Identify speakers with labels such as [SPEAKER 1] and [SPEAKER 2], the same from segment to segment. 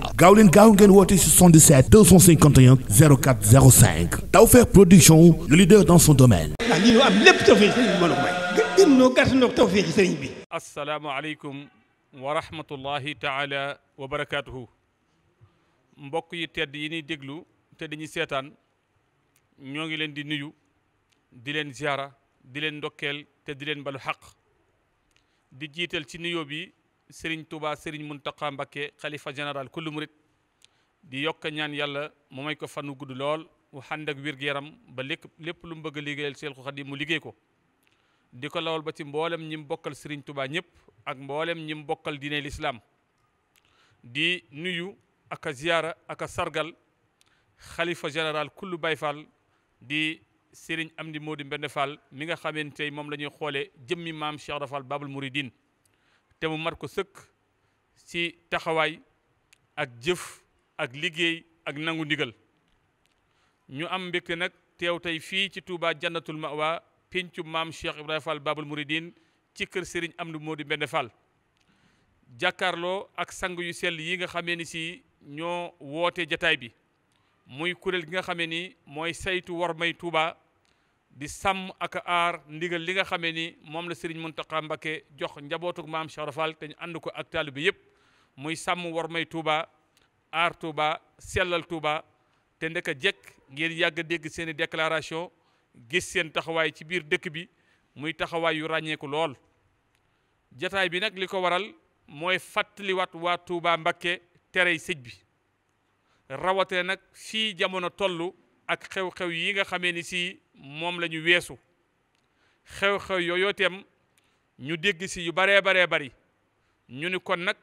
[SPEAKER 1] waaw gaaw leen gaaw ngeen woote 77 251 04 05 Tawfekh Production le leader dans son domaine. ah lii ñu am lépp tawfeex sëriñ
[SPEAKER 2] bi bi. asalaamaaleykum wa rahmatullahi taala wa mbokk yi tedd yi ñuy déglu te dañuy seetaan ñoo ngi leen di nuyu di leen ziara di leen ndokkeel te di leen balu xaq di jiital ci nuyoo bi. Serigne Touba mun Mountakha Mbacké xalifa général kullu murit di yokk ñaan yàlla mu may ko fanu gudd lool mu ànd ak wér yaram ba lépp lu mu bëgg a liggéeyal Seex Xaadim mu liggéey ko. di ko lawal ba ci mbooleem ñi mu bokkal Serigne Touba ñëpp ak mbooleem ñi mu bokkal diine lislaam di nuyu ak ziyaara ak sargal xalifa général kullu Baay Faal di. Sëriñ Amdi Modou Mbende Fall mi nga xamante ne moom la ñuy xoolee jëmmi maam Cheikh Ibra Fall Babul te mu mat ko sëkk ci taxawaay ak jëf ak liggéey ak nangu ndigal ñu am mbégte nag teew tey fii ci Touba jannatul mawa péncu maam Cheikh Ibrahima Fall Babul Mouridine ci kër sëriñ Serigne Amdi di benn Fall jàkkaarloo ak sang yu sell yi nga xame ni si ñoo woote jataay bi muy kuréel gi nga xamee ni mooy saytu war may Touba di sàmm ak aar ndigal li nga xamee ni moom la mun Mountakha Mbacké jox njabootu maam Cheikh Ibra te ñu ànd ko ak taalibe bi yëpp muy sàmm war may Touba aar Touba sellal Touba te ndeka jekk ngeen yàgg dégg seeni déclaration gis seen taxawaay ci biir dëkk bi muy taxawaayu ràññeeku lool. jataay bi nag li ko waral mooy fàttaliwaat waa Touba Mbacké terey sëj bi rawatee nag fii jamono tollu. ak xew-xew yi nga xame ni si moom lañu weesu xew-xew yooyu ñu dégg si yu baree baree bari ñu ni kon nag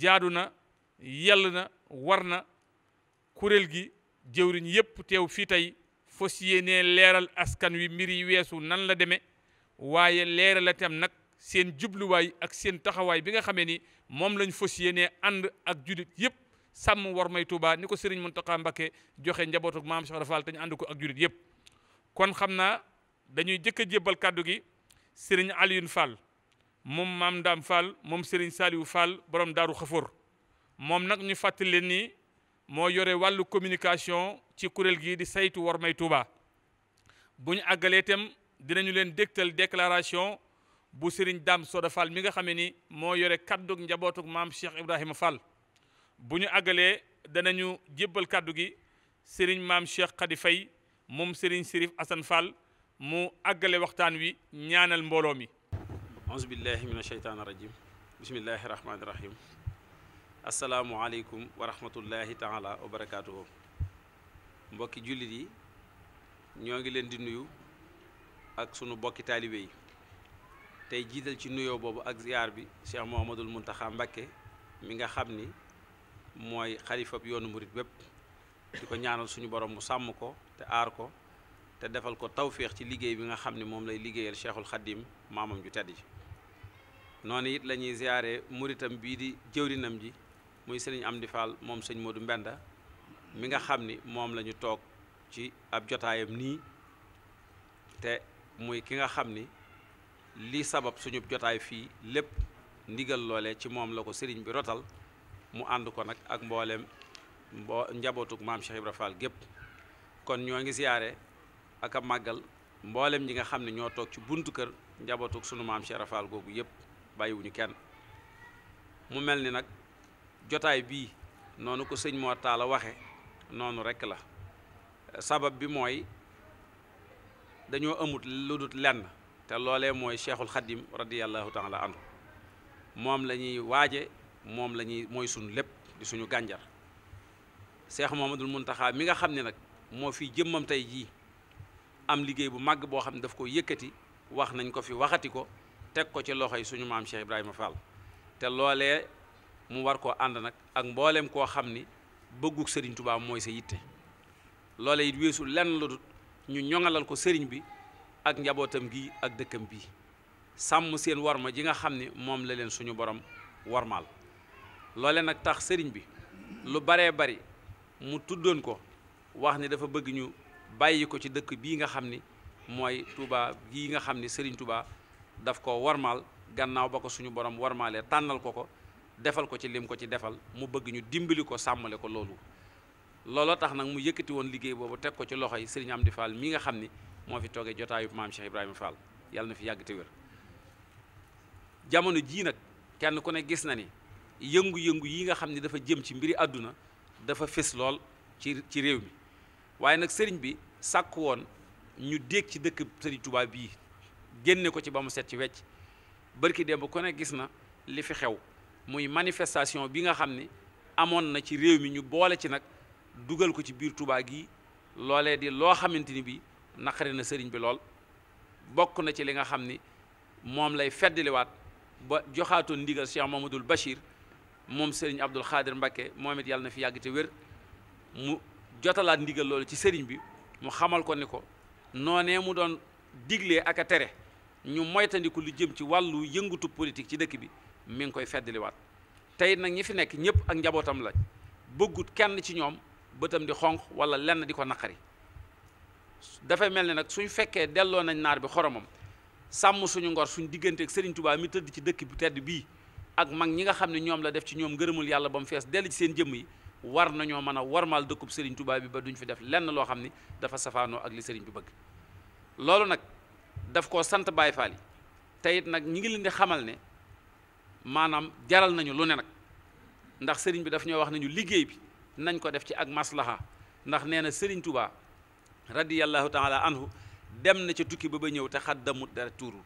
[SPEAKER 2] jaadu na yell na war na kuréel gi jëwriñ yépp teew fii tey fos yéenee leeral askan wi mbir yi weesu nan la demee waaye leeral tem nag seen jubluwaay ak seen taxawaay bi nga xamee ni moom lañ fos yéenee ànd ak jullit yépp sàmm war may Touba ni ko Serigne Mountakha Mbacké joxe njabootu maam Cheikh Ibra Fall te ko ak jurit yëpp kon xam naa dañuy jëkk a jébbal kàddu gi Serigne Alioune Fall moom maam Ndam Fall moom Serigne Saliou Fall borom daaru xafoor moom nag ñu fàttali leen ni moo yore wàllu communication ci kuréel gii di saytu war may Touba bu ñu àggalee itam dinañu leen dégtal déclaration bu Serigne daam Soda Fall mi nga xam ne ni moo yore kàddug njabootug maam Cheikh Ibrahima Fall. bu ñu àggalee danañu jébbal kàddu gi sëriñ maam Cheikh Khady Faye moom
[SPEAKER 3] sëriñ Sirif Assane Fall mu àggale waxtaan wi ñaanal mbooloo mi auzu billahi min asheytaan rajim bismillahi rahmaani rahim asalaamualeykum wa rahmatullahi mbokki jullit yi ñoo ngi leen di nuyu ak sunu bokki taalibe yi tey jiital ci nuyoo boobu ak ziyaar bi Cheikh Mouhamadoul Mountakha Mbacké mi nga xam ni mooy xalifab yoonu murit bépp di ko ñaanal suñu borom mu sàmm ko te aar ko te defal ko tawféex ci liggéey bi nga xam ne moom lay liggéeyal cheikhul xadim maamam ju tedd ji noonu it lañuy ñuy ziyaare muritam bii di jëwrinam ji muy sëriñ Amdi Fall moom sëñ Modou mbend mi nga xam ni moom lañu toog ci ab jotaayam nii te muy ki nga xam ni li sabab suñu jotaay fii lépp ndigal loole ci moom la ko sëriñ bi rotal mu ànd ko nag ak mbooleem mbo njabootug maam Cheikh Ibra gépp kon ñoo ngi siyaare aka màggal mboolem ñi nga xam ne ñoo toog ci buntu kër njabootug sunu maam Cheikh Ibra googu yëpp bàyyiwuñu kenn mu mel ni nag jotaay bii noonu ko sëñ Mor Talla waxe noonu rekk la sabab bi mooy dañoo amut lu dut lenn te loolee mooy cheikhul xadim radiallahu taala anhu moom la ñuy waaje moom la ñuy mooy suñu lépp di suñu gànjar moom Cheikh mun Mountakha mi nga xam ne nag moo fi jëmmam tey jii am liggéey bu màgg boo xam ne daf ko yëkkati wax nañ ko fi waxati ko teg ko ci loxo yi suñu maam Cheikh Ibrahima fal te loolee mu war koo ànd nag ak mbooleem koo xam ni bëggug sëriñ tubaab mooy sa yitte loole it weesu lenn la dul ñu ñoŋalal ko sëriñ bi ak njabootam gi ak dëkkam bi sàmm seen warma ji nga xam ni moom la leen suñu borom warmaal loole nag tax sëriñ bi lu baree bari mu tuddoon ko wax ni dafa bëgg ñu bàyyi ko ci dëkk bii nga xam ni mooy Touba gii nga xam ni sëriñ Touba daf ko warmaal gannaaw ba ko suñu borom warmaalee tànnal ko ko defal ko ci lim ko ci defal mu bëgg ñu dimbali ko sàmmale ko loolu looloo tax nag mu yëkkati woon liggéey boobu teg ko ci loxo yi sëriñ di Fall mi nga xam ni moo fi toogee jotaayu maam Cheikh Ibrahima Fall yàlla na fi yàgg te jamono jii nag kenn ku ne gis na ni yëngu-yëngu yi nga xam ne dafa jëm ci mbiri àdduna dafa fés lool ci ci réew mi waaye nag sëriñ bi sàkk woon ñu déeg ci dëkk sëriñ tubaab yi génne ko ci ba mu set ci wecc barki démb ku ne gis na li fi xew muy manifestation bi nga xam ni amoon na ci réew mi ñu boole ci nag dugal ko ci biir tubaab yi loolee di loo xamante ni bi naqari na sëriñ bi lool bokk na ci li nga xam ni moom lay feddaliwaat ba joxaatoon ndigal Cheikh Mamadul Bachir moom Serigne Abdul Xaadir Mbakke moom it yàlla na fi yàgg te wér mu jotalaat ndigal loolu ci Serigne bi mu xamal ko ni ko noonee mu doon digle ak tere ñu moytandiku lu jëm ci wàllu yëngatu politique ci dëkk bi mi ngi koy feddaliwaat tey nag ñi fi nekk ñëpp ak njabootam lañ bëggut kenn ci ñoom bëtam di xonq wala lenn di ko naqari dafay mel ni nag suñ fekkee delloo nañ naar bi xoromam sàmm suñu ngor suñ diggante ak Serigne Touba mi tëdd ci dëkk bu tedd bii. ak mag ñi nga xam ne ñoom la def ci ñoom ngërëmul yàlla ba mu fees dell ci seen jëmm yi war nañoo mën a warmaal dëkkub sëriñ Tuubaa bi ba duñ fi def lenn loo xam ni dafa safaanoo ak li sëriñ bi bëgg loolu nag daf koo sant Baay Faal yi te nag ñi ngi leen di xamal ne maanaam jaral nañu lu ne nag ndax sëriñ bi daf ñoo wax nañu liggéey bi nañ ko def ci ak maslaha ndax nee na sëriñ Tuubaa radiyallahu taala anhu dem na ca tukki ba ba ñëw te xat damut dara tuuru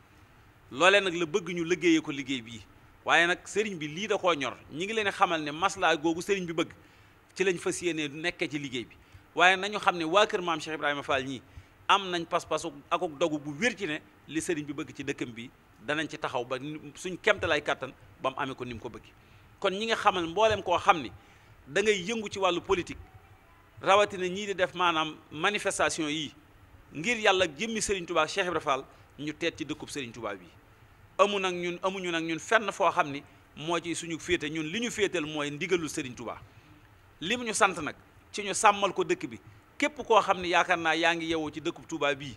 [SPEAKER 3] loolee nag la bëgg ñu liggéeyee ko liggéey bii waaye nag sëriñ bi lii da koo ñor ñi ngi leen xamal ne maslaa googu sëriñ bi bëgg ci lañ fas yéenee nekkee ci liggéey bi waaye nañu xam ne waa kër maam Cheikh Ibrahima Fall ñii am nañ pas-pas akuk dogu bu wér ci ne li sëriñ bi bëgg ci dëkkam bi danañ ci taxaw ba suñ kemtalaay kàttan ba mu amee ko ni mu ko bëgg kon ñi nga xamal mbooleem koo xam ni dangay ngay yëngu ci wàllu politique rawatina ñii di def maanaam manifestation yi ngir yàlla jëmmi sëriñ Touba Cheikh Ibrahima Fall ñu teet ci dëkkub sëriñ Touba bi amu nag ñun amuñu nag ñun fenn foo xam ni moo ci suñu féete ñun li ñu féetal mooy ndigalul Serigne li mu ñu sant nag ci ñu sàmmal ko dëkk bi képp koo xam ne yaakaar naa yaa ngi yewwu ci dëkku Touba bii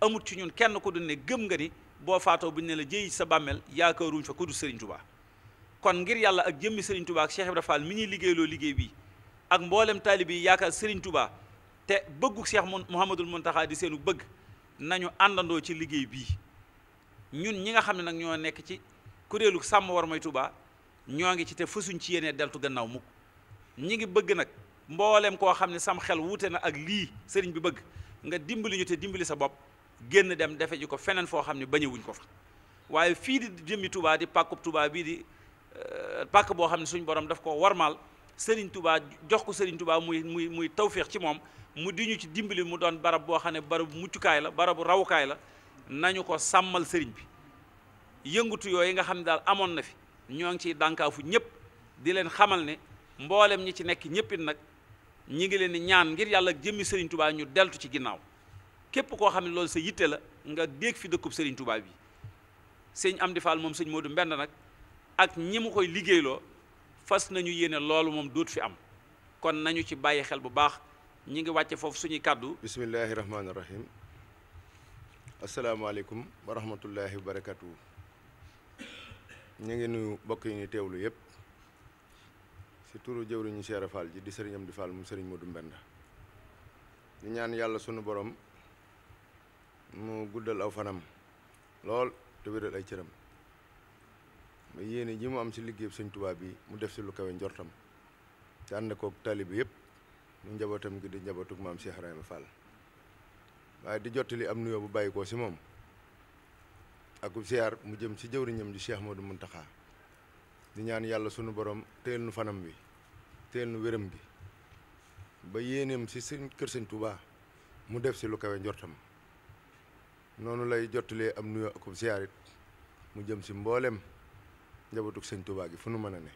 [SPEAKER 3] amut ci ñun kenn ku dul ne gëm nga ni boo faatoo buñ ne la jéey sa bàmmeel yaakaaruñ fa ku dul Serigne kon ngir yàlla ak jëmmi Serigne Touba ak Cheikh Ibrahima Fall mi ñuy liggéeyloo liggéey bii ak mboolem taalibe yi yaakaar Serigne Touba te bëggu Cheikh Mouhamadul Mountakha di seenu bëgg nañu àndandoo ci liggéey bii ñun ñi nga xam ne nag ñoo nekk ci kuréelu sàmm war mooy Touba ñoo ngi ci te fasuñ ci yéenee deltu gannaaw mukk ñi ngi bëgg nag mboolem koo xam ne sam xel wuute na ak lii sëriñ bi bëgg nga dimbali ñu te dimbali sa bopp génn dem defe ji ko feneen foo xam ne bañewuñ ko fa waaye fii di jëmmi tubaa di pàkku Touba bii di euh, pàkk boo xam ne suñ borom daf ko warmaal sëriñ Touba jox ko sëriñ tubaa muy muy muy tawféex ci moom mu di ñu ci dimbali mu doon barab boo xam ne barabu muccukaay la barabu rawukaay la nañu ko sàmmal sëriñ bi yëngutu yooyu nga xam ne daal amoon na fi ñoo ngi ciy dànkaafu ñëpp di leen xamal ne mboolem ñi ci nekk ñëpp nag ñi ngi leen di ñaan ngir yàlla jëmmi sëriñ tubaa ñu deltu ci ginnaaw képp koo xam ne loolu sa yitte la nga dégg fi dëkkub sëriñ tubaa bi sëñ Amdi Fall moom sëñ Modou mbenn nag ak ñi mu koy liggéeyloo fas nañu yéene loolu moom doot fi am kon nañu ci bàyyi xel bu baax ñi ngi wàcce foofu suñuy kàddu
[SPEAKER 4] bismillahi rahmaani rahim asalaamaaleykum wa rahmatullahi wa barakatu ñu ngi nuy mbokk yi ñu teewlu yëpp si turu jëwriñu Cheikh Fall ji di sëriñam di Fall mu sëriñ Modou Mbenda ñu ñaan yàlla sunu borom mu guddal aw fanam lool te wéral ay cëram ba yéene ji mu am si liggéey sëñ tubaab yi mu def si lu kawe njortam te ànd koog taalibe yëpp mu njabootam gi di njabootug maam Cheikh Ibrahima Fall waaye di jottali am nuyoo bu bàyyi ko ci moom ak ziar mu jëm ci jëwriñam ji du mun Mountakha di ñaan yàlla sunu borom teel nu fanam wi teel nu wéram gi ba yéeneem si seen kër Sëñ Touba mu def si lu kawe njortam noonu lay jottalee am nuyoo ak ziar it mu jëm si mbooleem njabootug Sëñ Touba gi fu nu mën a ne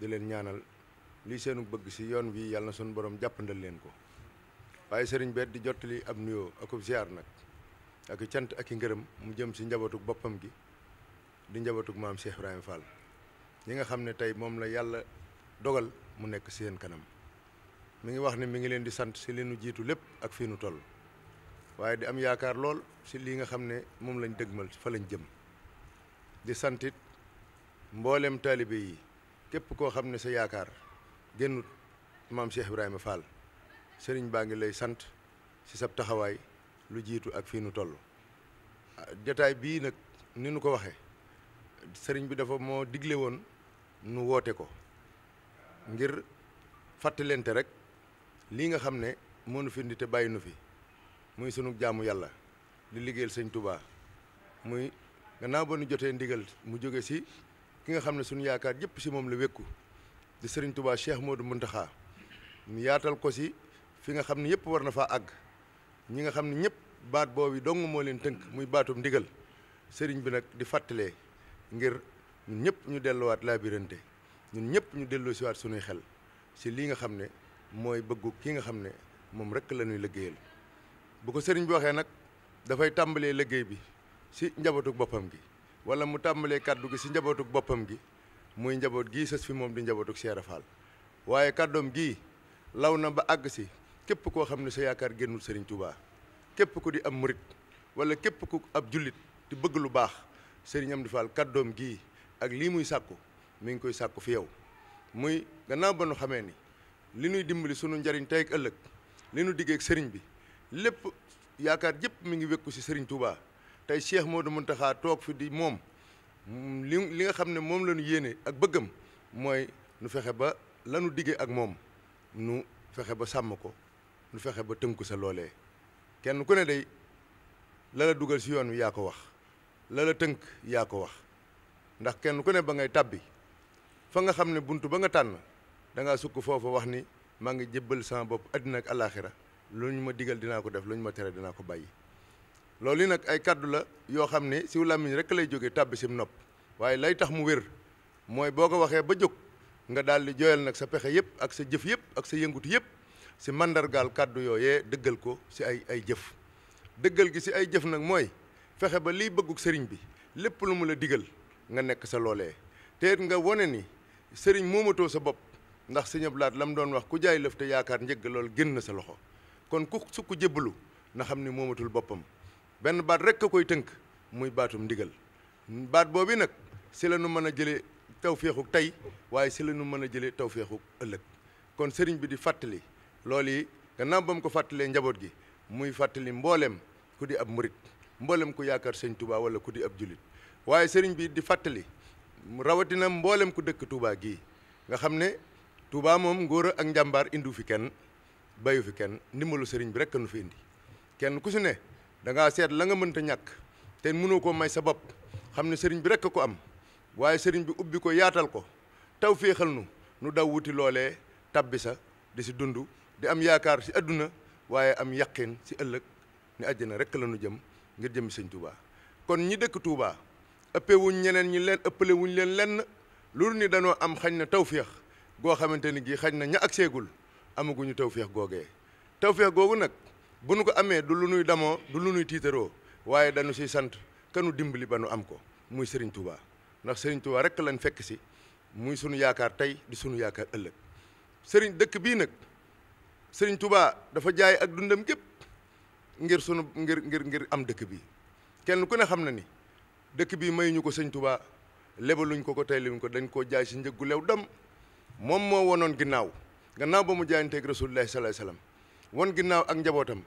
[SPEAKER 4] di leen ñaanal lii seenu bëgg si yoon wii yàlla na sunu borom jàppandal leen ko. waaye sëriñ beet di jottali ab nuyoo akub ziar nag ak cant ak i ngërëm mu jëm si njabootug boppam gi di njabootug maam Cheikh Ibrahima ñi nga xam ne tey moom la yàlla dogal mu nekk seen kanam mi ngi wax ne mi ngi leen di sant si li nu jiitu lépp ak fii nu toll waaye di am yaakaar lool si lii nga xam ne moom lañ dëgmal fa lañ jëm di santit mboolem taalibe yi képp koo xam ne sa yaakaar génnut maam Cheikh Ibrahima sëriñ baa ngi lay sant ci sab taxawaay lu jiitu ak fii nu toll jataay bii nag ni nu ko waxee sëriñ bi dafa moo digle woon nu woote ko ngir fàttalente rek lii nga xam ne mënu nu fi indi te bàyyi nu fi muy sunu jaamu yàlla di liggéeyal sëñ Touba muy gannaaw ba nu jotee ndigal mu jóge si ki nga xam ne sunu yaakaar yëpp si moom la wékku di sëriñ Touba Cheikh Modou Mountakha mu yaatal ko ci fi nga xam ne yëpp war na faa àgg ñi nga xam ne ñëpp baat boobu dong moo leen tënk muy baatum ndigal sëriñ bi nag di fàttalee ngir ñun ñëpp ñu delluwaat laabirante ñun ñëpp ñu delloo siwaat sunuy xel si lii nga xam ne mooy bëggu ki nga xam ne moom rek la ñuy liggéeyal bu ko sëriñ bi waxee nag dafay tàmbalee liggéey bi si njabootu boppam gi wala mu tàmbalee kàddu gi si njabootu boppam gi muy njaboot gii sës fi moom di njabootu Cheikh Fall waaye kàddoom gii law na ba àgg si képp koo xam ne sa yaakaar génnul Serigne Touba képp ku di am murit wala képp ku ab jullit di bëgg lu baax sëriñam Amdi Fall kàddoom gii ak lii muy sàkku mi ngi koy sàkku fi yow muy gannaaw ba nu xamee ni li nuy dimbali sunu njariñ tey ak ëllëg li nu diggee sëriñ bi lépp yaakaar jëpp mu ngi wékku si Serigne Touba tey Cheikh Modou Mountakha toog fi di moom li li nga xam ne moom la yéene ak bëggam mooy nu fexe ba lanu diggee ak moom nu fexe ba sàmm ko nu fexe ba tënku sa loolee kenn ku ne day lala dugal si yoon wi yaa ko wax lala tënk yaa ko wax ndax kenn ku ne ba ngay tàbbi fa nga xam ne bunt ba nga tànn da ngaa sukk foofa wax ni maa ngi jëbbal sama bopp àddina ak àllaaxira lu ñu ma digal dinaa ko def lu ñu ma tere dinaa ko bàyyi loolu yi nag ay kàddu la yoo xam ne siw làmmiñ rek lay jóge tàbbi sim nopp waaye lay tax mu wér mooy boo ko waxee ba jóg nga daal di jooyal nag sa pexe yëpp ak sa jëf yëpp ak sa yëngutu yëpp si màndargal kàddu yooyee dëggal ko si ay ay jëf dëggal gi si ay jëf nag mooy fexe ba liy bëggug sëriñ bi lépp lu mu la digal nga nekk sa loolee te nga wone ni sëriñ moomatoo sa bopp ndax sëñ Abdu Lahat la mu doon wax ku jaay lëf te yaakaar njëgg lool génn sa loxo kon ku sukk jébbalu na xam ni moomatul boppam benn baat rek a koy tënk muy baatum ndigal baat boobu nag si lanu nu mën a jëlee tawféexu tey waaye si lanu nu mën a jëlee tawféexu ëllëg kon sëriñ bi di fàttali. loolu yi gannaaw ba mu ko fàttalee njaboot gi muy fàttali mbooleem ku di ab murit mboolem ku yaakaar sëñ Touba wala ku di ab julit waaye sëriñ bi di fàttali rawatina mboolem ku dëkk Touba gii nga xam ne Touba moom ngóor ak njàmbaar indiwu fi kenn bayu fi kenn ndimbalu sëriñ bi rek nu fi indi kenn ku si ne da ngaa seet la nga mënta ñàkk te mënoo ko may sa bopp xam ne sëriñ bi rek ko am waaye sëriñ bi ubbi ko yaatal ko taw fii féexal nu nu daw wuti loolee tabbi sa di si dund di am yaakaar si àdduna waaye am yaqin si ëllëg ni àjjana rek la ñu jëm ngir jëm sëñ Touba kon ñi dëkk Touba ëppee ñeneen ñi leen ëppale leen lenn loolu ni dañoo am xañ na tawféex goo xamante ni gii xañ na ña ak seegul amaguñu tawféex googee tawféex googu nag bu nu ko amee du lu nuy damoo du lu nuy tiitaroo waaye dañu si sant kanu dimbali ba nu am ko muy sëriñ Touba ndax Serigne Touba rek lañ fekk si muy sunu yaakaar tey di sunu yaakaar ëllëg Serigne dëkk bii nag. sëñ tubaa dafa jaay ak dundam gépp ngir sunu ngir ngir ngir am dëkk bi kenn ku ne xam na ni dëkk bii mayuñu ko sëñ tubaa lebaluñ ko ko tey luñ ko dañ koo jaay si njëggu lew dam moom moo wonoon ginnaaw gannaaw ba mu jaayanteeg rasulillahi salaay salaam won ginnaaw ak njabootam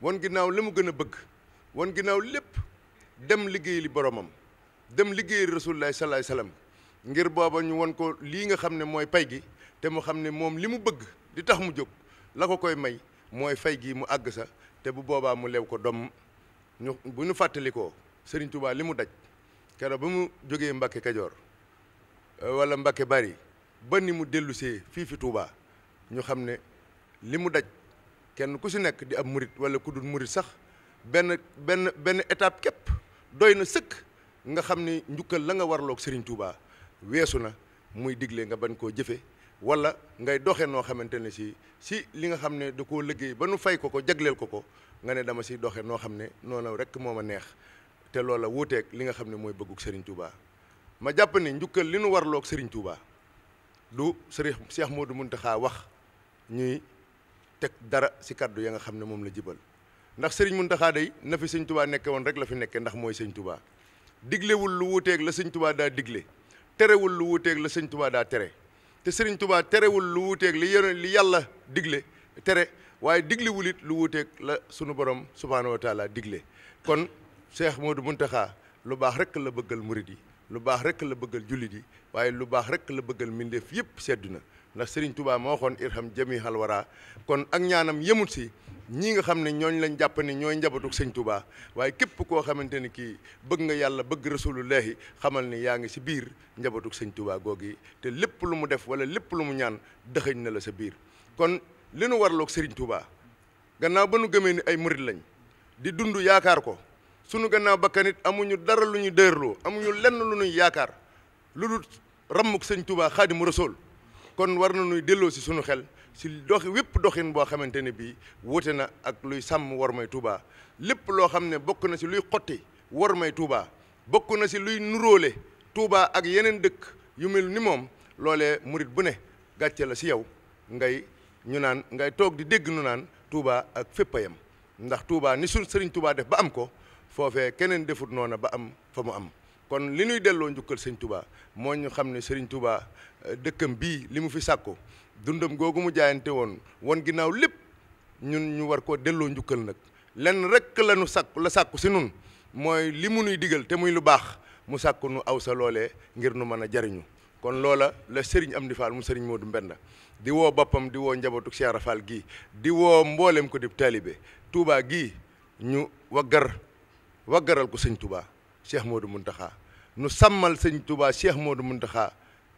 [SPEAKER 4] won ginnaaw li mu gën a bëgg won ginnaaw lépp dem liggéey boromam dem liggéey rasulillahi salaay salaam ngir booba ñu won ko lii nga xam ne mooy pay gi te mu xam ne moom li mu bëgg di tax mu jóg la ko koy may mooy fay gi mu àgg sax te bu boobaa mu lew ko doom ñu bu ñu fàttalikoo Serigne Touba li mu daj keroog ba mu jógee Mbacke Kajoor euh, wala Mbacke Bari ba ni mu dellusee fii fi Touba ñu xam ne li mu daj kenn ku si nekk di ab murit wala ku du murit sax benn benn benn étape képp doy na sëkk nga xam ni njukkal la nga warloog sëriñ Touba weesu na muy digle nga bañ koo jëfe wala ngay doxee noo xamante ne si si li nga xam ne da koo liggéey ba nu fay ko ko jagleel ko ko nga ne dama si doxee noo xam ne noonu rek moo ma neex te loola wuuteeg li nga xam ne mooy bëggug Serigne Touba ma jàpp ne njukkal li nu warloog Serigne Touba du Serigne Cheikh Modou Mountakha wax ñuy teg dara si kaddu ya nga xam ne moom la jibal ndax sëriñ mun taxaa day na fi Serigne Touba nekke woon rek la fi nekke ndax mooy Serigne Touba diglewul lu wuuteeg la Serigne Touba daa digle terewul lu wuuteeg la daa tere te Serigne Touba terewul lu wuuteeg li yéen li yàlla digle tere waaye digle wulit lu wuuteeg la sunu borom subhaanahu wa digle kon Cheikh Modou Mountakha lu baax rek la bëggal murid yi lu baax rek la bëggal jullit yi waaye lu baax rek la bëggal mbindeef yëpp seddu na ndax Serigne Touba moo waxoon irham jami waraa kon ak ñaanam yemut si ñii nga xam ne ñooñ lañ jàpp ne ñooy njabootu Sëñ Touba waaye képp koo xamante ni kii bëgg nga yàlla bëgg rasulullahi xamal ni yaa ngi si biir njabootu Sëñ Touba googi te lépp lu mu def wala lépp lu mu ñaan dëxëñ na la sa biir kon li nu warloog Serigne Touba gannaaw ba nu gëmee ni ay murit lañ di dund yaakaar ko sunu gannaaw bakkanit amuñu dara lu ñu dërloo amuñu lenn lu ñuy yaakaar lu dul rammuk Sëñ Touba xaadimu rasul kon war na nañuy delloo si suñu xel si dox wépp doxin boo xamante ne bii wute na ak luy sàmm war may Touba lépp loo xam ne bokk na si luy xotti war may Touba bokk na si luy nuróole Touba ak yeneen dëkk yu mel ni moom loole murit bu ne gàcce la si yow ngay ñu naan ngay toog di dégg ñu naan Touba ak fépp a ndax Touba ni suñ sëriñ Touba def ba am ko foofee keneen defut noona ba am fa mu am kon li ñuy delloo njukkal sëñ Touba moo ñu xam ne sëriñ Touba dëkkam bii li mu fi sàkko dundam googu mu jaayante woon wan ginnaaw lépp ñun ñu war koo delloo njukkal nag lenn rek lanu nu la sàkku si nun mooy li mu nuy digal te muy lu baax mu sàkku nu aw sa loolee ngir nu mën a jariñu kon loola la am Amdi Fall mu Serigne Modou mbenn di woo boppam di woo njabootu Cheikh Rafal gii di woo mboolem ko di taalibe Touba gii ñu waggar waggaral ko sëñ Touba Cheikh Modou Mountakha nu sàmmal sëñ Touba Cheikh Modou Mountakha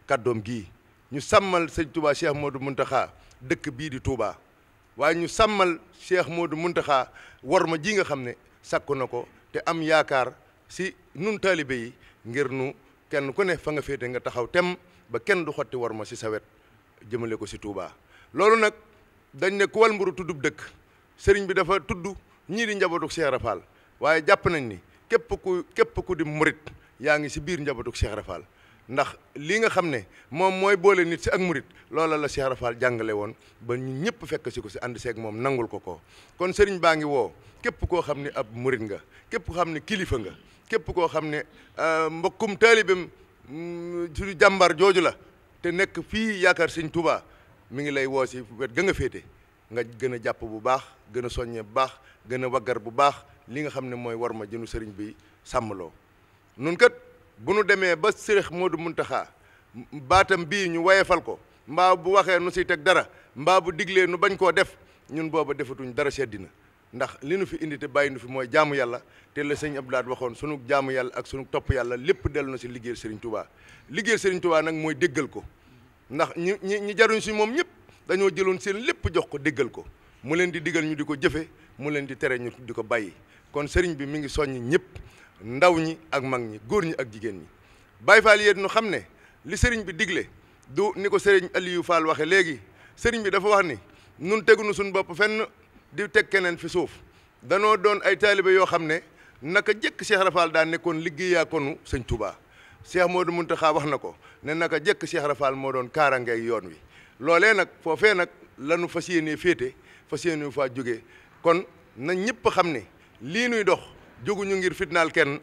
[SPEAKER 4] kàddoom gi ñu sàmmal sëñ Touba Cheikh Modou xaa dëkk bii di Touba waaye ñu sàmmal Cheikh Modou Mountakha war ma ji nga xam ne sakku na ko te am yaakaar si nun taalibe yi ngir nu kenn ku ne fa nga féete nga taxaw tem ba kenn du xotti war ma si sawet jëmale ko si Touba. loolu nag dañ ne ku wal mburu tuddub dëkk sëriñ bi dafa tudd ñii di njabootu Cheikh Rafal waaye jàpp nañ ni képp ku képp ku di murit yaa ngi si biir njabootu Cheikh Rafal ndax lii nga xam ne moom mooy boole nit si ak murit loola la Cheikh Rafal jàngale woon ba ñu ñëpp fekk si ko si ànd seeg moom nangul ko ko kon sëriñ baa ngi woo képp koo xam ne ab murit nga képp koo xam ne kilifa nga képp koo xam ne euh, mbokkum taalibam mm, su jàmbar jooju la te nekk fii yaakaar sëñ tubaa mu ngi lay woo si wet gën a féete nga gën a jàpp bu baax gën a soññee bu baax gën a waggar bu baax li nga xam ne mooy war ma jënu sëriñ bi sàmmloo nun kat bu nu demee ba moo du mun Muntaxa baatam bii ñu wayefal ko mbaa bu waxee nu siy teg dara mbaa bu diglee nu bañ koo def ñun booba defatuñ dara seddina ndax li nu fi indi te bàyyi nu fi mooy jaamu yàlla te la sëñ Abdou Lahad waxoon sunu jaamu yàlla ak sunu topp yàlla lépp dellu na si liggéeyal Serigne Touba liggéeyal Serigne Touba nag mooy déggal ko ndax ñi ñi ñi jaruñ si moom ñëpp dañoo jëloon seen lépp jox ko déggal ko mu leen di digal ñu di ko jëfe mu leen di tere ñu di ko bàyyi kon Serigne bi mi ngi soññ ñëpp. ndaw ñi ak mag ñi góor ñi ak jigéen ñi Baye Fall yéen ñu xam ne li sëriñ bi digle du ni ko sëriñ Aliou Fall waxe léegi sëriñ bi dafa wax ni nun nu suñu bopp fenn di teg keneen fi suuf danoo doon ay taalibe yoo xam ne naka jëkk Cheikh Rafal daa nekkoon liggéeyaa konu sëñ moo Cheikh Modou xaa wax na ko ne naka jëkk Cheikh Rafal moo doon kaarangay yoon wi loolee nag foofee nag lanu fas yéenee féete fas yéenee faa jóge kon na ñëpp xam ne lii dox jóguñu ngir fitnaal kenn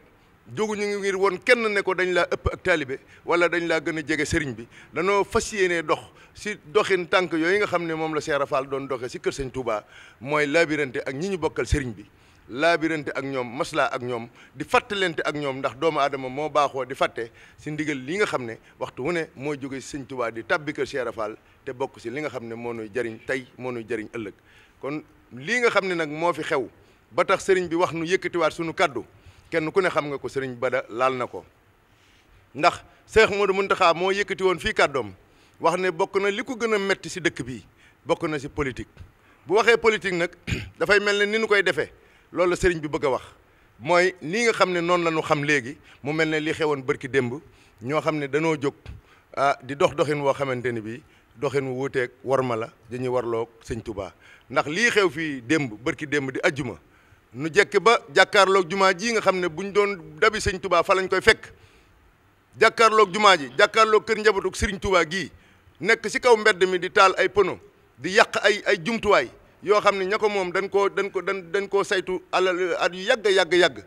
[SPEAKER 4] jóguñu ngir woon kenn ne ko dañ laa ëpp ak taalibe wala dañ laa gën a jege sëriñ bi danoo fas yéenee dox si doxin tànk yooyu nga xam ne moom la Cheikh Rafal doon doxee si kër sëñ Touba mooy laabirante ak ñi ñu bokkal sëriñ bi laabirante ak ñoom maslaa ak ñoom di fàttalente ak ñoom ndax doomu aadama moo baaxoo di fàtte si ndigal lii nga xam ne waxtu wu ne mooy jóge si sëñ Touba di tàbbi kër Cheikh te bokk si li nga xam ne moo nuy jariñ tey moo nuy jariñ ëllëg kon lii nga xam ne nag moo fi xew ba tax sëriñ bi wax nu yëkkatiwaat sunu kàddu kenn ku ne xam nga ko sëriñ Bada laal na ko ndax Seex Moodu Muntaxa moo yëkkati woon fii kàddoom wax ne bokk na li ko gën a metti si dëkk bi bokk na si politique bu waxee politique nag dafay mel ne ni nu koy defee loolu la sëriñ bi bëgg a wax mooy nii nga xam ne noonu la ñu xam léegi mu mel ne li xewoon bërki démb ñoo xam ne danoo jóg ah di dox doxin woo xamante ni bii doxin wu wuuteeg war ma la dañuy warloo sëñ ndax lii xew fii démb bërki démb di ajjuma nu jekki ba jàkkaarloog jumaa ji nga xam ne bu ñu doon dabi sëñ tubaa fa lañ koy fekk jàkkaarloog jumaa ji jàkkaarloog kër njabootug siriñ tubaa gii nekk si kaw mbedd mi di taal ay pono di yàq ay ay jumtuwaay yoo xam ne ña ko moom dañ koo dañ ko dañ dañ koo saytu alal at yu yàgg yàgg yàgg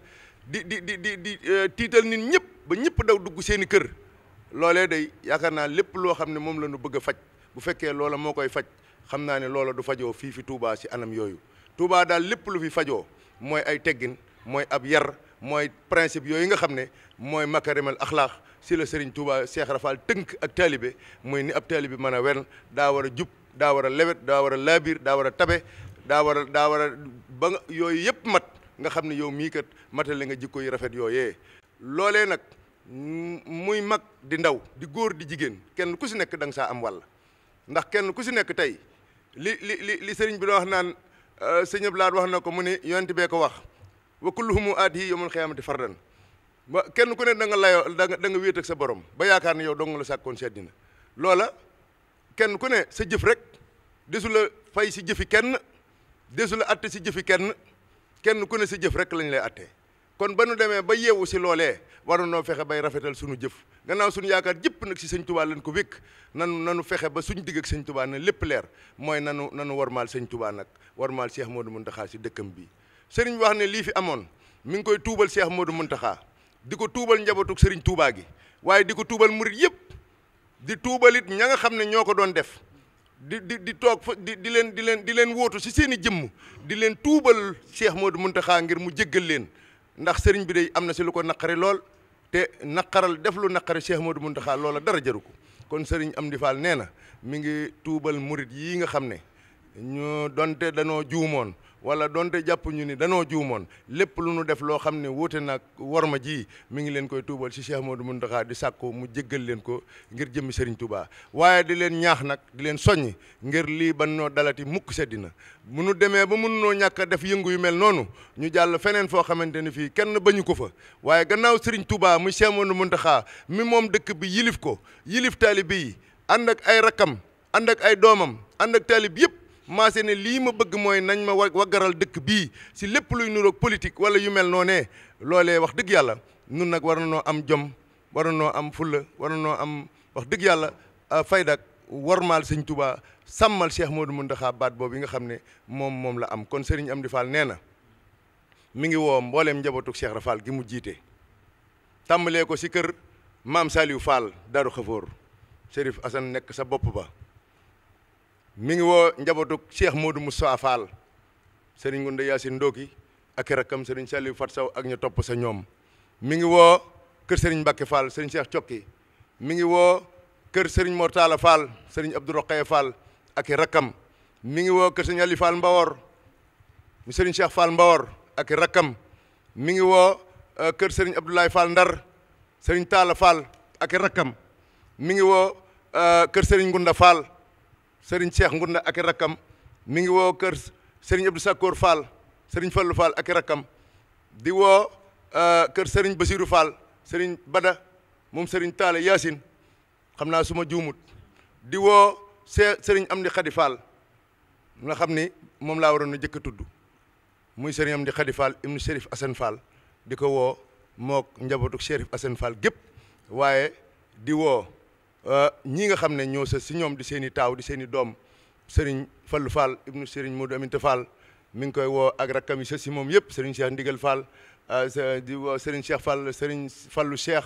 [SPEAKER 4] di di di di di euh, tiital nit ñëpp ba ñëpp daw dugg seeni kër loolee day yaakaar naa lépp loo xam ne moom la ñu bëgg a faj bu fekkee loola moo koy faj xam naa ne loola du fajoo fii fi Touba ci anam yooyu Touba daal lépp lu fi fajoo mooy ay teggin mooy ab yar mooy principe yooyu nga xam ne mooy makarimal axlaax si la Serigne Touba Cheikh Rafal tënk ak taalibe mooy ni ab taalibe mën a wen daa war a jub daa war a lewet daa war a laabiir daa war a tabe daa war a daa war a ba yooyu yëpp mat nga xam ne yow mii kat matale nga jikko yu rafet yooyee loolee nag mm, muy mag di ndaw di góor di jigéen kenn ku si nekk da nga saa am walla ndax kenn ku si nekk tey li li li li sëriñ bi doon wax naan Euh, sëñëb Abdoulaye wax na ko mu ne yonent bee ko wax wa kulluhum aatihi yawmal qiyaamati fardan ba kenn ku ne da nga layoo da nga nga wéet ak sa borom ba yaakaar ne yow dong la sàkkoon si àddina loola kenn ku ne sa jëf rek desu fay si jëfi kenn desu la si jëfi kenn kenn ku ne sa jëf rek lañ lay attee kon ba nu demee ba yeewu si loolee waroon noo fexe bay rafetal suñu jëf gannaaw suñu yaakaar jëpp nag si sëñ tubaa lañ ko wékk nanu nanu fexe ba suñ digg ak sëñ tubaa lépp leer mooy nanu nanu warmaal sëñ tubaa nag warmaal Cheikh Modou Mountakha si dëkkam bi sëriñ wax ne lii fi amoon mi ngi koy tuubal Cheikh Modou Mountakha di ko tuubal njabootug sëriñ Touba gi waaye di ko tuubal murit yëpp di tuubalit ña nga xam ne ñoo ko doon def di di di toog fa di di leen di leen di leen wóotu si seen i jëmm di leen tuubal Cheikh Modou Mountakha ngir mu jéggal leen ndax sëriñ bi day am na si lu ko naqari lool te naqaral def lu naqari Cheikh Modou Mountakha loola dara jaru ko kon sëriñ Amdi Fall nee na mi ngi tuubal murit yi nga xam ne ñu donte danoo juumoon wala donte jàpp ñu ni danoo juumoon lépp lu nu def loo xam ne wuute nag worma ji mi ngi leen koy tuubal si ci du Modou Mountakha di sàkku mu jéggal leen ko ngir jëmmi Serigne Touba waaye di leen ñaax nag di leen soññ ngir lii ban noo dalati mukk seddina mu nu demee ba mënunoo ñàkk a def yëngu yu mel noonu ñu jàll feneen foo xamante ni fii kenn bañu ko fa waaye gannaaw Serigne Touba muy Cheikh Modou xaa mi moom dëkk bi yilif ko yilif taalibe yi ànd ak ay rakkam ànd ay doomam ànd ak yëpp maase ne lii ma bëgg mooy nañ ma waggaral dëkk bii si lépp luy nurook politique wala yu mel noo ne loolee wax dëgg yàlla nun nag war na noo am jom war na noo am fulla war na noo am wax dëgg yàlla ah, faydak warmaal sëñ tubaa sàmmal Cheikh Modou Mountakha baat boobu yi nga xam ne moom moom la am kon Serigne Amdi Fall nee na mu ngi woo mbooleem njabootu Cheikh Rafal gi mu jiite tàmbalee ko si kër maam Saliou Fall Darou Khafour Chérif Assane nekk sa bopp ba mi ngi woo njabootu Cheikh Modou Moustapha Fall Serigne Ngounda Yacine Ndoki ak i rakkam Serigne Saliou ak ñu topp sa ñoom mi ngi woo kër Serigne Mbacke Fall Serigne Cheikh Cokki mi ngi woo kër Serigne Mortala Fall Serigne Abdou Rokhaya Fall ak i mi ngi woo kër Serigne Ali Fall Mbawor mu Mbawor ak i mi ngi woo euh, kër Serigne Abdoulaye Ndar Serigne Talla Fall ak i rakkam ngi woo euh, kër Serigne Ngounda Fall. sëriñ Cheikh Ngunda ak i rakkam mi ngi woo kër sëriñ Abdou Sakkoor Fall sëriñ Fallu Fall ak rakkam di woo euh, kër sëriñ Basiru Fall sëriñ Bada moom sëriñ Taale Yaasin xam naa suma ma juumut di woo see am Amdi Xadi Fall nga xam ni moom laa waroon na jëkk a tudd muy sëriñ Amdi Xadi Fall ibnu Chérif Assane Fall di ko woo mook njabootu Chérif Assane Fall gépp waaye di woo Euh, ñii nga xam ne ñoo sa si ñoom di seeni taaw di seen i doom Serigne Fallou Fall ibnu Serigne Modou Aminta Fall mi ngi koy woo ak rakkam yi sës si moom yëpp Serigne Cheikh Ndigal Fall euh, di woo Serigne Cheikh Fall Serigne Fallou Cheikh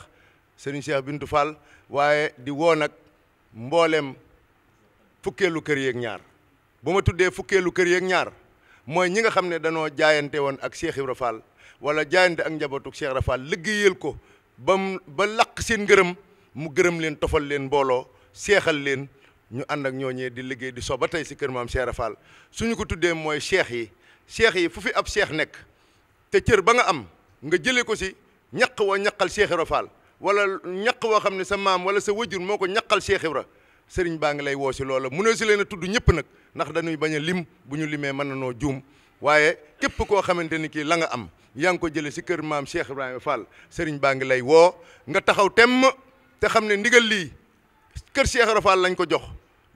[SPEAKER 4] Serigne Cheikh Bintu Fall waaye di woo nag mboolem fukkeelu kër yeeg ñaar bu ma tuddee fukkeelu kër yeeg ñaar mooy ñi nga xam ne danoo jaayante woon ak Cheikh Ibra Fall wala jaayante ak njabootu Cheikh Ibra Fall ko ba ba laq seen ngërëm. mu gërëm leen tofal leen mbooloo seexal leen ñu ànd ak ñooñee di liggéey di so ba tey si kër maam Cheikh Fall suñu ko tuddee mooy cheikh yi cheikh yi fu fi ab cheikh nekk te cër ba nga am nga jëlee ko si ñaq wa ñaqal Cheikh Ibra wala ñaq woo xam ne sa maam wala sa wajur moo ko ñaqal Cheikh Ibra sëriñ baa ngi lay woo si loola mu ne si leen a tudd ñëpp nag ndax dañuy bañ a lim bu ñu limee mën na noo juum waaye képp koo xamante ni kii la nga am yaa ngi ko jëlee si kër maam Cheikh Ibrahima Fall sëriñ baa ngi lay woo nga taxaw temm te xam ne ndigal lii kër Cheikh Ibra Fall ko jox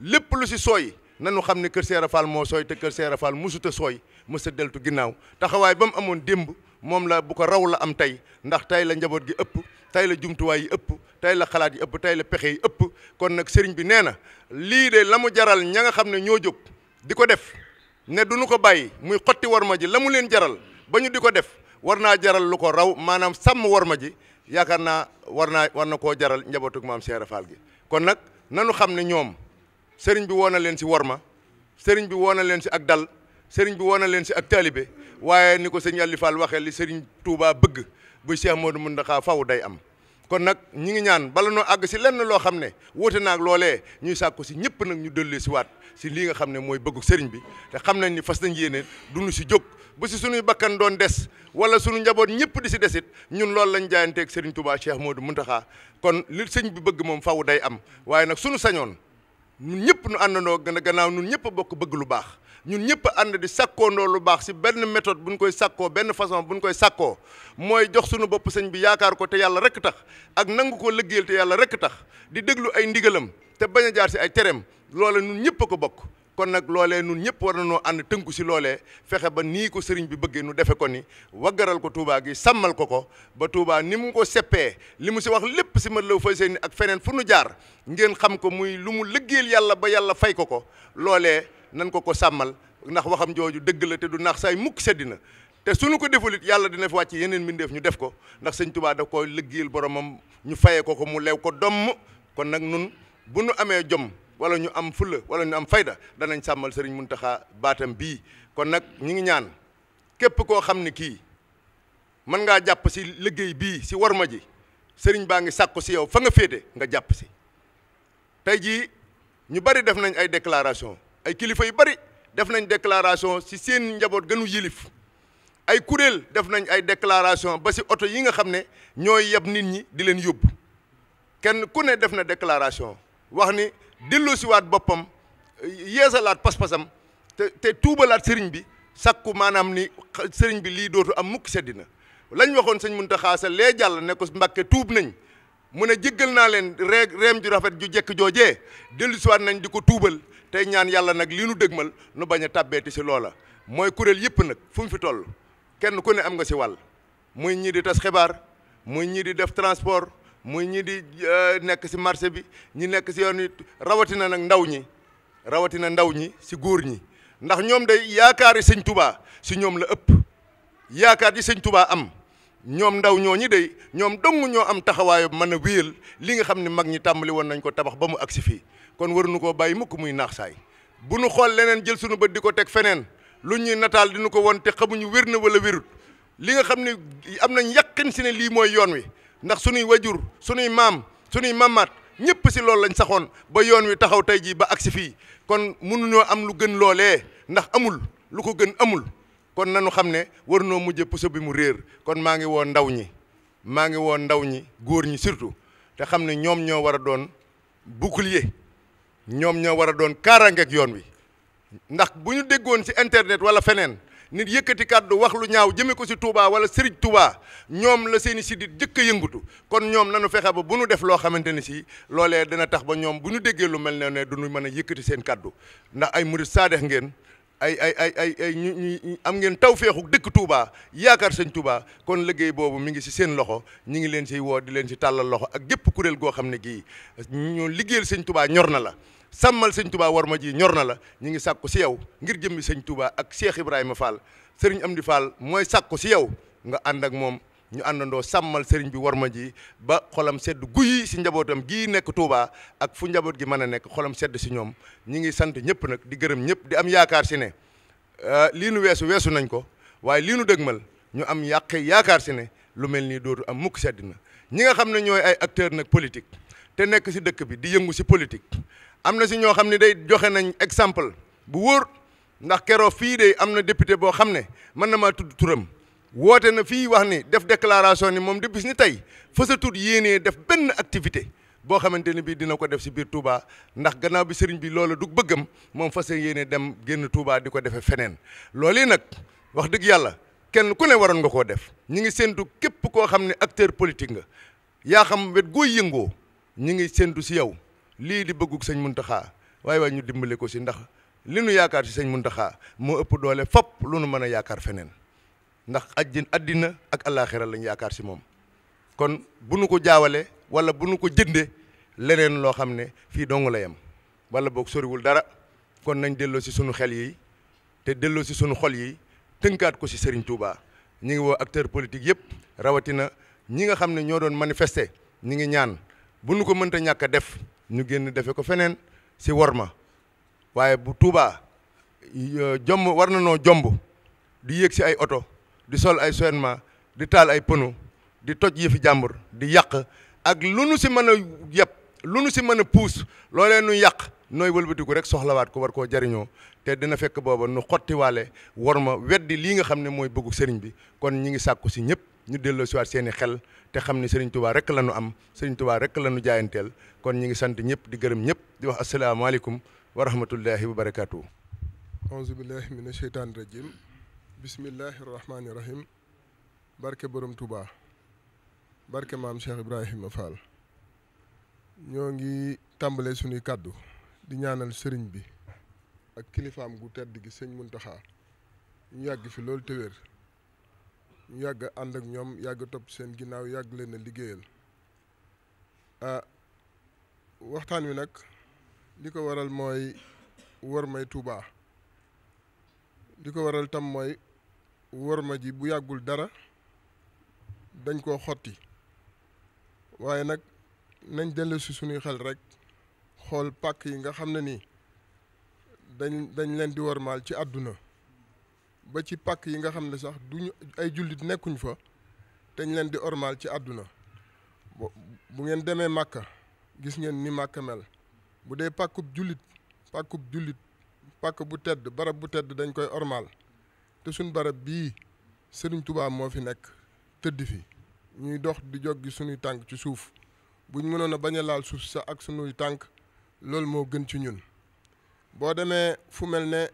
[SPEAKER 4] lépp lu si sooy na nu xam ne kër Cheikh Ibra moo sooy te kër Cheikh Ibra Fall musuta sooy mësa deltu ginnaaw taxawaay ba mu amoon démb moom la bu ko raw la am tey ndax tey la njaboot gi ëpp tey la jumtuwaay yi ëpp tey la xalaat yi ëpp tey la pexe yi ëpp kon nag sëriñ bi nee na lii de la mu jaral ña nga xam ne ñoo jóg di ko def ne du nu ko bàyyi muy xotti warma ji la mu leen jaral ba ñu di ko def war naa jaral lu ko raw maanaam sàmm warma ji yaakaar naa war naa war na koo jaral njabootug maam Cheikh Fall gi kon nag nanu xam ne ñoom sëriñ bi woo na leen si worma sëriñ bi woo na leen si ak dal sëriñ bi woo na leen si ak taalibe waaye ni ko sëñ Aliou Fall waxee li sëriñ tuubaa bëgg bu Cheikh Modou Mountakha faw day am kon nag ñi ngi ñaan bala noo àgg si lenn loo xam ne wóote naag loolee ñuy sàkku si ñëpp nag ñu dëllee si waat si lii nga xam ne mooy bëggu sëriñ bi te xam nañ ni fas nañ yéene duñu si jóg bu si suñuy bakkan doon des wala suñu njaboot ñëpp di si desit ñun loolu lañ jaayanteeg sëriñ Touba Cheikh Modou xaa kon li sëñ bi bëgg moom faw day am waaye nag suñu sañoon ñun ñëpp nu àndandoo gën a gannaaw ñun ñëpp bokk bëgg lu baax ñun ñëpp ànd di sàkkoondoo lu baax si benn méthode bu ñu koy sàkkoo benn façon bu ñu koy sàkkoo mooy jox sunu bopp sëñ bi yaakaar ko te yàlla rek tax ak nangu ko liggéeyal te yàlla rek tax di déglu ay ndigalam te bañ a jaar si ay tereem loola ñun ñëpp ko bokk kon nag loole nun ñëpp war nañoo ànd tënku si loole fexe ba nii ko sëriñ bi bëggee nu defe ko ni waggaral ko tuubaa gi sàmmal ko ko ba Touba ni mu ko seppee li mu si wax lépp si mat law fay seen ak feneen fu nu jaar ngeen xam ko muy lu mu liggéeyal yàlla ba yàlla fay ko ko loolee nan ko ko sàmmal ndax waxam jooju dëgg la te du naax say mukk seddina te suñu ko defulit yàlla dina fi wàcc yeneen mbindeef ñu def ko ndax sañ Tuubaa da ko liggéeyal boromam ñu fayee ko ko mu lew ko domm kon nag nun bu nu amee jom wala ñu am fulla wala ñu am fayda danañ sàmmal sëriñ Muntaxa baatam bii kon nag ñu ngi ñaan képp koo xam ne kii mën ngaa jàpp si liggéey bii si war ma ji sëriñ baa ngi sàkku si yow fa nga féete nga jàpp si tey jii ñu bari def nañ ay déclaration ay kilifa yu bari def nañ déclaration si seen njaboot gënu yilif ay kuréel def nañ ay déclaration ba ci oto yi nga xam ne ñoo yeb nit ñi di leen yóbbu kenn ku ne def na déclaration wax ni delloosiwaat boppam yeesalaat pas-pasam te te tuubalaat sëriñ bi sakku maanaam ni sëriñ bi lii dootu am mukk seddina lañ waxoon sëñ a sa lee jàll ne ko Mbàkke tuub nañ mu ne jéggal naa leen ree reem ju rafet ju jekk joojee dellusiwaat nañ di ko tuubal tey ñaan yàlla nag li nu dëgmal nu bañ a tàbbeeti si loola mooy kuréel yëpp nag fu fi toll kenn ku ne am nga si wàll muy ñii di tas xibaar muy ñii di def transport muy ñii di euh, nekk si marché bi ñi nekk si yoon wi rawatina nag ndaw ñi rawatina ndaw ñi si góor ñi ndax ñoom day yaakaar yaakaari sëñ tubaa si ñoom la ëpp yaakaar yi sëñ tubaa am ñoom ndaw ñoo ñi dey ñoom dong ñoo am taxawaayu mën a wéyal li nga xam ne mag ñi tàmbali woon nañ ko tabax ba mu agsi fii kon waruñu koo bàyyi mukk muy naax saay bu nu xool leneen jël suñu bët di ko teg feneen lu ñuy nataal dina ko won te xamuñu wér na wala wérut li nga xam ne am nañ yàqin si ne lii mooy yoon wi ndax suñuy wajur suñuy maam suñuy mamaat ñëpp si loolu lañ saxoon ba yoon wi taxaw tey jii ba agsi fii kon mënuñoo am lu gën loolee ndax amul lu ko gën amul kon nanu xam ne war noo mujjee puso bi mu réer kon maa ngi woon ndaw ñi maa ngi woon ndaw ñi góor ñi surtout te xam ne ñoom ñoo war a doon ye ñoom ñoo war a doon kaaraange ak yoon wi ndax bu ñu déggoon ci internet wala feneen nit yëkkati kàddu wax lu ñaaw jëme ko ci Touba wala sëriñ Touba ñoom la seeni sidit jëkk a yëngutu kon ñoom nanu fexe ba bu ñu def loo xamante ne si loolee dana tax ba ñoom bu ñu déggee lu mel ne ne du ñu mën a yëkkati seen kàddu ndax ay murid saadex ngeen ay ay ay ay ay ñu ñu am ngeen taw feexu dëkk Touba yaakaar sëñ Touba kon liggéey boobu mu ngi si seen loxo ñu ngi leen si woo di leen si tàllal loxo ak gépp kuréel goo xam ne gii ñu liggéeyal sëñ Touba ñor na la sàmmal sëñ Touba war ma ji ñor na la ñu ngi sàkku si yow ngir jëmmi sëñ Touba ak Cheikh Ibrahima Fall Serigne Amdi Fall mooy sàkku si yow nga ànd ak moom ñu àndandoo sàmmal sëriñ bi war ma ji ba xolam sedd guyi si njabootam gii nekk tuubaa ak fu njaboot gi mën a nekk xolam sedd si ñoom ñi ngi sant ñëpp nag di gërëm ñëpp di am yaakaar si ne euh, lii nu weesu weesu nañ ko waaye liinu nu dëgmal ñu am yàq yaakaar si ne lu mel nii dootu am mukk sedd na ñi nga xam ne ñooy ay acteur nag politique te nekk si dëkk bi di yëngu si politique am na si ñoo xam ne day joxe nañ exemple bu wóor ndax keroo fii day am na député boo xam ne mën na maa tudd turam woote na fii wax ni def déclaration ni moom de bis ni tey fësatut yéenee def benn activité boo xamante ni bii dina ko def si biir Touba ndax gannaaw bi sëriñ bi loola du bëggam moom fas yéene dem génn Touba di ko defee feneen loolu yi nag wax dëgg yàlla kenn ku ne waroon nga koo def ñi ngi séntu képp koo xam ne acteur politique nga yaa xam wet gooy yëngoo ñi ngi séntu si yow lii di bëggug sëñ xaa waaye waaye ñu dimbale ko si ndax li nu yaakaar si sëñ Muntaxa moo ëpp doole fop lu nu mën a yaakaar feneen ndax ajjin addina ak àllaaxira lañ yaakaar si moom kon bu nu ko jaawale wala bu nu ko jënde leneen loo xam ne fii dong la yem wala boog soriwul dara kon nañ delloo si sunu xel yi te delloo si sunu xol yi tënkaat ko si Serigne Touba ñi ngi woo acteur politique yëpp rawatina ñi nga xam ne ñoo doon manifeste ñi ngi ñaan bu nu ko mënta ñàkk a def ñu génn defe ko feneen si ma waaye bu tuubaa euh, jomb war na noo jomb di yéeg si ay oto di sol ay soennement di taal ay pneu di toj yëfi jàmbur di yàq ak lu nu si mën a yëpp lu nu si mën a puus loolee nu yàq nooy wëlbatiku rek soxlawaat ko war koo jariñoo te dina fekk booba nu xottiwaale war ma weddi lii nga xam ne mooy bëggu sëriñ bi kon ñi ngi sàkku si ñëpp ñu delloo siwaat seen i xel te xam ne sëriñ tubaa rek la nu am sëriñ tubaa rek la nu jaayanteel kon ñi ngi sant ñëpp di gërëm ñëpp di wax asalaamaaleykum wa rahmatullahi wa barakaatu.
[SPEAKER 5] auzu billahi mina bismillahi rahmaani rahim barke borom Touba barke maam Cheikh Ibrahima Fall ñoo ngi tàmbalee suñuy kàddu di ñaanal sëriñ bi ak kilifaam gu tedd gi sëñ Muntaxa ñu yàgg fi loolu te ñu yàgg ànd ak ñoom yàgg topp seen ginnaaw yàgg leen a liggéeyal waxtaan wi nag li ko waral mooy war may Touba li ko waral tam mooy worma ji bu yàggul dara dañ koo xotti waaye nag nañ dellu si suñuy xel rek xool pàkk yi nga xam ne ni dañ dañ leen di wormaal ci àdduna ba ci pàkk yi nga xam ne sax duñu ay jullit nekkuñ fa dañ leen di ormaal ci àdduna bu ngeen demee màkka gis ngeen ni màkka mel bu dee pàkkub jullit pàkkub jullit pàkk bu tedd barab bu tedd dañ koy ormaal te suñ barab bii sëriñ Touba moo fi nekk tëdd fi ñuy dox di joggi suñuy tànk ci suuf buñ mënoon a bañ a laal suuf sa ak suñuy tànk loolu moo gën ci ñun boo demee fu mel ne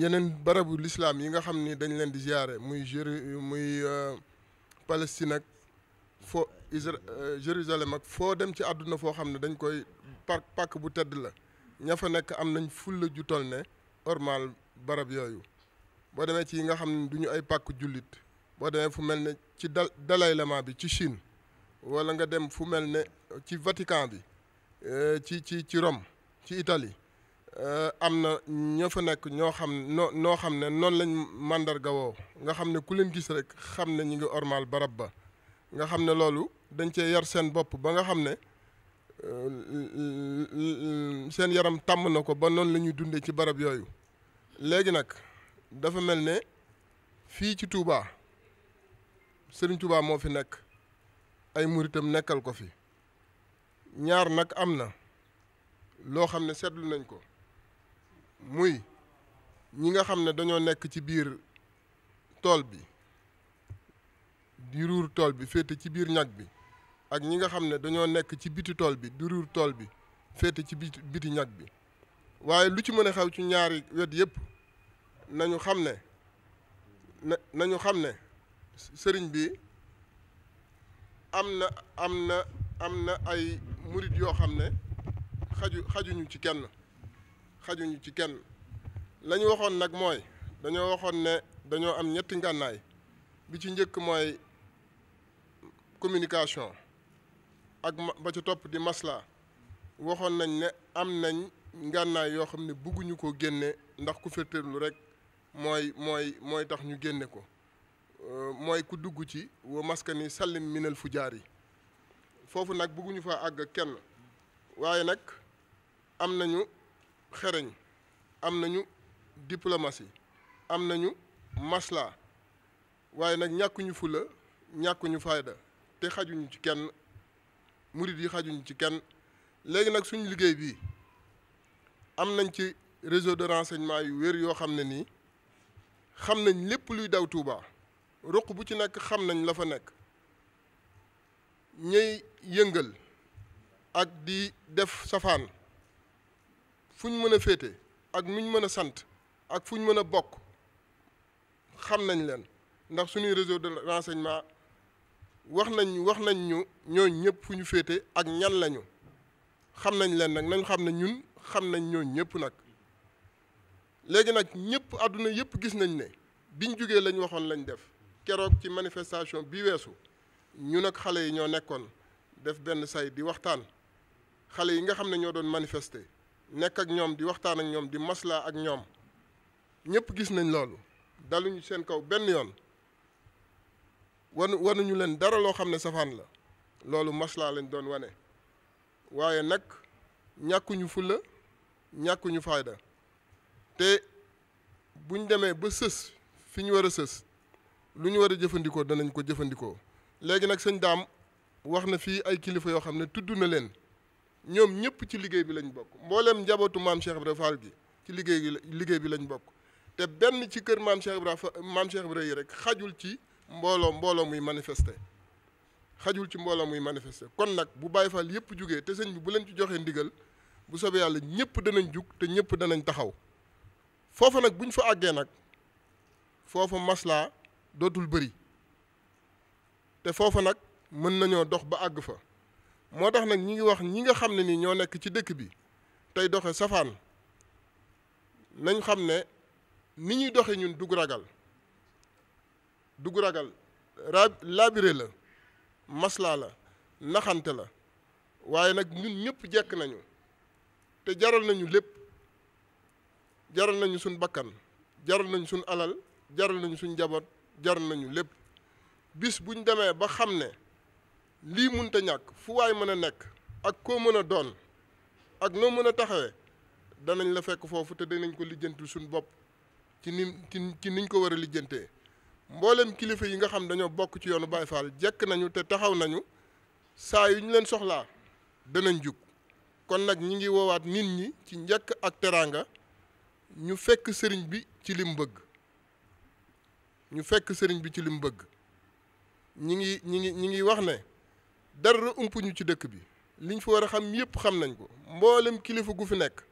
[SPEAKER 5] yeneen barabu lislaam yi nga xam ni dañ leen di ziyaare muy Jéru muy euh, Palestine ak foo Isra euh, Jérusalem ak foo dem ci àdduna foo xam ne dañ koy park pàkk bu tedd la ña fa nekk am nañ fulla ju toll ne ormal barab yooyu boo demee ci yi nga xam ne du ñu ay pàkk jullit boo demee fu mel ne ci dal Dalai bi ci Chine wala nga dem fu mel ne ci Vatican bi euh, ci ci ci Rome ci Italie euh, am na ña fa nekk ñoo xam noo xam ne noonu lañ màndarga woo nga xam ne ku leen gis rek xam ne ñu ngi ormal barab ba nga xam ne loolu dañ cee yar seen bopp ba nga xam ne euh, seen yaram tàmm na ko ba noonu la ñuy dundee ci barab yooyu léegi nag dafa mel ne fii ci tuubaa Serigne Touba moo fi nekk ay muritam nekkal ko fi ñaar nag am na loo xam ne seetlu nañ ko muy ñi nga xam ne dañoo nekk ci biir tool bi di ruur tool bi féete ci biir ñag bi ak ñi nga xam ne dañoo nekk ci biti tool bi di ruur tool bi féete ci biti biti ñag bi waaye lu ci mën a xew ci ñaari wet yépp nañu xam ne na nañu xam ne sëriñ bi am na am na am na ay murit yoo xam ne xaju xajuñu ci kenn xajuñu ci kenn lañu waxoon nag mooy dañoo waxoon ne dañoo am ñetti ngànnaay bi ci njëkk mooy communication ak ba ca topp di masla waxoon nañ ne am nañ ngànnaay yoo xam ne bugguñu koo génne ndax ku féeteerlu rek mooy mooy mooy tax ñu génne ko euh, mooy ku dugg ci wa maskani sallim minal jaar yi foofu nag bëgguñu fa àgg kenn waaye nag am nañu xereñ am nañu diplomatie am nañu masla waaye nag ñàkkuñu fula ñàkkuñu fayda te xajuñu ci kenn murit yi xajuñu ci kenn léegi nag suñu liggéey bii am nañ ci réseau de renseignement yu wér yoo xam ne nii xam nañ lépp luy daw Touba ruq bu ci nekk xam nañ la fa nekk ñay yëngal ak di def safaan fu ñu mën a féete ak nuñ mën a sant ak fu ñu mën a bokk xam nañ leen ndax suñuy réseau de renseignement wax nañ wax nañ ñu ñooñ ñëpp fu ñu féete ak ñan lañu xam nañ leen nag nañ xam ne ñun xam nañ ñooñ ñëpp nag léegi nag ñëpp àdduna yëpp gis nañ ne biñ jugee lañ waxoon lañu def keroog ci manifestation bi weesu ñu nag xale yi ñoo nekkoon def benn say di waxtaan xale yi nga xam ne ñoo doon manifester nekk ak ñoom di waxtaan ak ñoom di maslaa ak ñoom ñëpp gis nañ loolu daluñu seen kaw benn yoon wanu wanuñu leen dara loo xam ne safaan la loolu maslaa lañ doon wane waaye nag ñàkkuñu fulla ñàkkuñu fayda te buñ demee ba sës fi ñu war a sës lu ñu war a jëfandikoo danañ ko jëfandikoo léegi nag sëñ daam wax na fii ay kilifa yoo xam ne tudd na leen ñoom ñëpp ci liggéey bi lañ bokk mbooleem njabootu maam Cheikh Ibra Fall gi ci liggéey gi liggéey bi lañ bokk te benn ci kër maam Cheikh Ibra maam Cheikh Ibra yi rek xajul ci mbooloo mbooloo muy manifester xajul ci mbooloo muy manifester kon nag bu Baye Fall yëpp jugee te sëñ bi bu leen ci joxee ndigal bu soobee yàlla ñëpp danañ jug te ñëpp danañ taxaw foofa nag bu ñu fa àggee nag foofa maslaa dootul bëri te foofa nag mën nañoo dox ba àgg fa moo tax nag ñi ngi wax ñi nga xam ne ni ñoo nekk ci dëkk bi tey doxe safaan nañ xam ne ni ñuy doxe ñun dugg ragal dugg ragal ra la maslaa la naxante la waaye nag ñun ñëpp jekk nañu te jaral nañu lépp jaral nañu suñ bakkan jaral nañ suñ alal jaral nañu suñ njaboot jaral nañu lépp bis bu ñu demee ba xam ne lii mënta ñàkk fu waay mën a nekk ak koo mën a doon ak noo mën a taxawee danañ la fekk foofu te danañ ko lijjanti suñ bopp ci ni ci niñ ko war a lijjantee mboolem kilifa yi nga xam dañoo bokk ci yoonu Baye Fall jekk nañu te taxaw nañu saa yu ñu leen soxlaa danañ jug kon nag ñi ngi woowaat nit ñi ci njëkk ak teraanga ñu fekk sëriñ bi ci lim bëgg ñu fekk sëriñ bi ci lim bëgg ñi ngi ñi ngi ñi ngi wax ne dara umpuñu ci dëkk bi liñ fi war a xam yëpp xam nañ ko mboolem kilifa gu fi nekk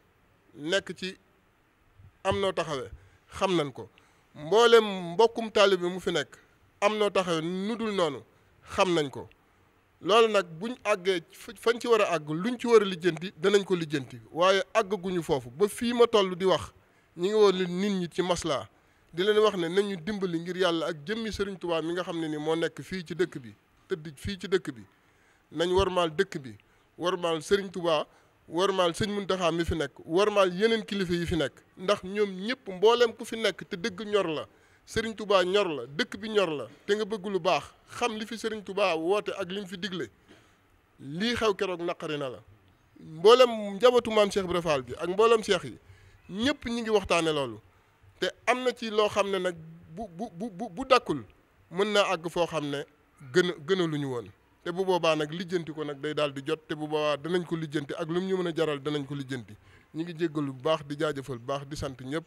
[SPEAKER 5] nekk ci am noo taxawee xam nañ ko mboolem mbokkum taalibe mu fi nekk am noo taxawee nu dul noonu xam nañ ko loolu nag buñ àggee fa fañ ci war a àgg luñ ci war a lijjanti danañ ko lijjanti waaye àggaguñu foofu ba fii ma toll di wax ñi ngi woon nit ñi ci maslaa di leen wax ne nañu dimbali ngir yàlla ak jëmmi sëriñ tubaa mi nga xam ne ni moo nekk fii ci dëkk bi tëdd fii ci dëkk bi nañ war warmaal dëkk bi warmaal Serigne Touba warmaal sëñ Muntaxa mi fi nekk warmaal yeneen kilifa yi fi nekk ndax ñoom ñëpp mbooleem ku fi nekk te dëgg ñor la Serigne Touba ñor la dëkk bi ñor la te nga bëgg lu baax xam li fi sëriñ tubaa woote ak li mu fi digle lii xew keroog naqari na la mboolem njabootu maam Cheikh Ibra Fall bi ak mboolem Cheikh yi. ñëpp ñi ngi waxtaane loolu te am na ci loo xam ne nag bu bu bu bu dakkul mën naa àgg foo xam ne gën a gën lu ñu woon te bu boobaa nag lijjanti ko nag day daal di jot te bu boobaa danañ ko lijjanti ak lu mu ñu mën a jaral danañ ko lijjanti ñu ngi jéggalu bu baax di jaajëfal bu baax di sant ñëpp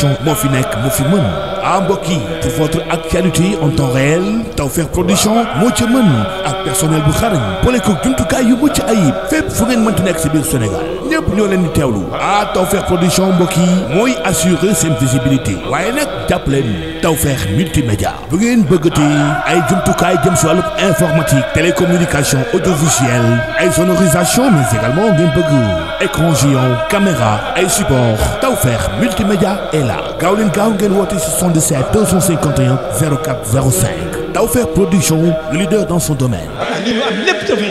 [SPEAKER 1] production moo fi nekk moo fi mën ah mbokk yi pour votre actualité en temps réel Tawfekh production moo ci mën ak personnel bu xarañ boole ko jumtukaay yu mucc ayib fépp fu ngeen mënti nekk si biir Sénégal ñëpp ñoo leen di ah, production mbokk yi mooy assurer seen visibilité waaye nag jàpp leen Tawfekh multimédia bu ngeen bëggati ay jumtukaay jëm si wàllu informatique télécommunication audiovisuelle ay sonorisation mais également ngeen bëgg écran géant caméra ay support Tawfekh multimédia est là gaaw leen gaaw ngeen woote 77 251 04 05
[SPEAKER 2] Tawfekh production le dans son domaine
[SPEAKER 4] ah,